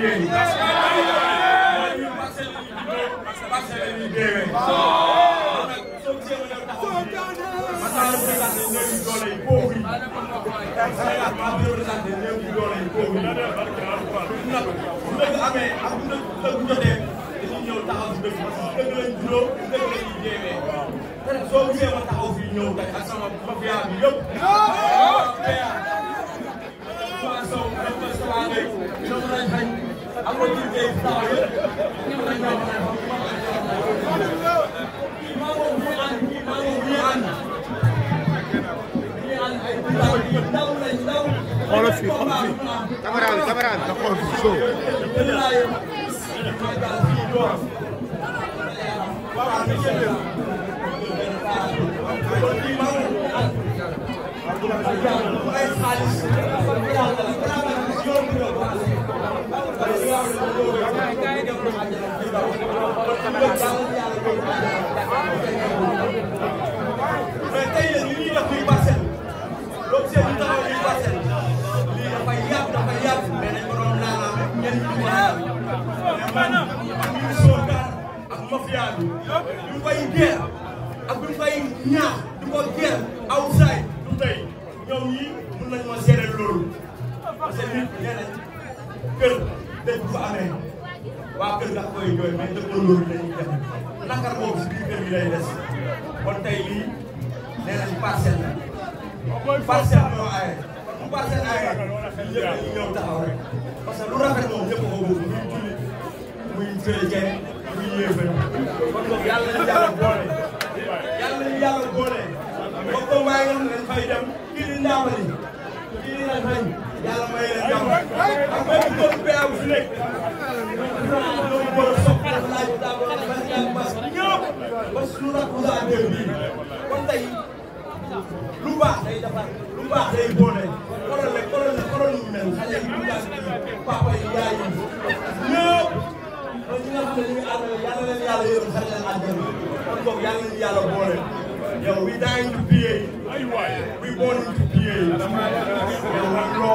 jigéen ñi. Thank you. xoolal fii xoolal fii. caméra bi caméra bi. xool fii soo. Thank you. mais tey li ñuy def muy parcelle l'objet du taxaw muy parcelle lii dafa yàgg dafa yàgg mais dañ ko doon laalaam rek ngeen ñu ko laal mais man ñu soogaan ak mafia bi ñu koy geer ak ñu koy ñaax du ko geer outside du tey ñoom ñi mën nañoo gérer loolu parce que nit ñeneen kër dëgg bu amee waa kër ndax koy jooy mais dëkkandoo bi dañuy def nangar boobu si biir kër gi lay des kon tey lii nee nañ parcelle la parcelle ñoo aaye kon bu parcelle aaye ñu ñëpp dañuy ñëw taxaw rek parce que lu rafet moom ñëpp ko bëgg muy jullit muy chrétien muy yéefar kon donc yàlla nañu yàlla boole yàlla nañu yàlla boole ba combat yi nga xam ne dañ fay dem kii di ndaamali kii di nañ yàlla may leen jàmm ak bépp góor bu fi nekk day defar lu baax day boole xoolal la xoolal la xoolal ñu mel xale yi dugal yi papa yi yaay yi ñëpp kon ñi nga xam ne ñu ngi ànd yàlla leen yàlla yërëm sax leen àjjana kon boog yàlla leen yàlla boole yow we dying to pray we born to pray yow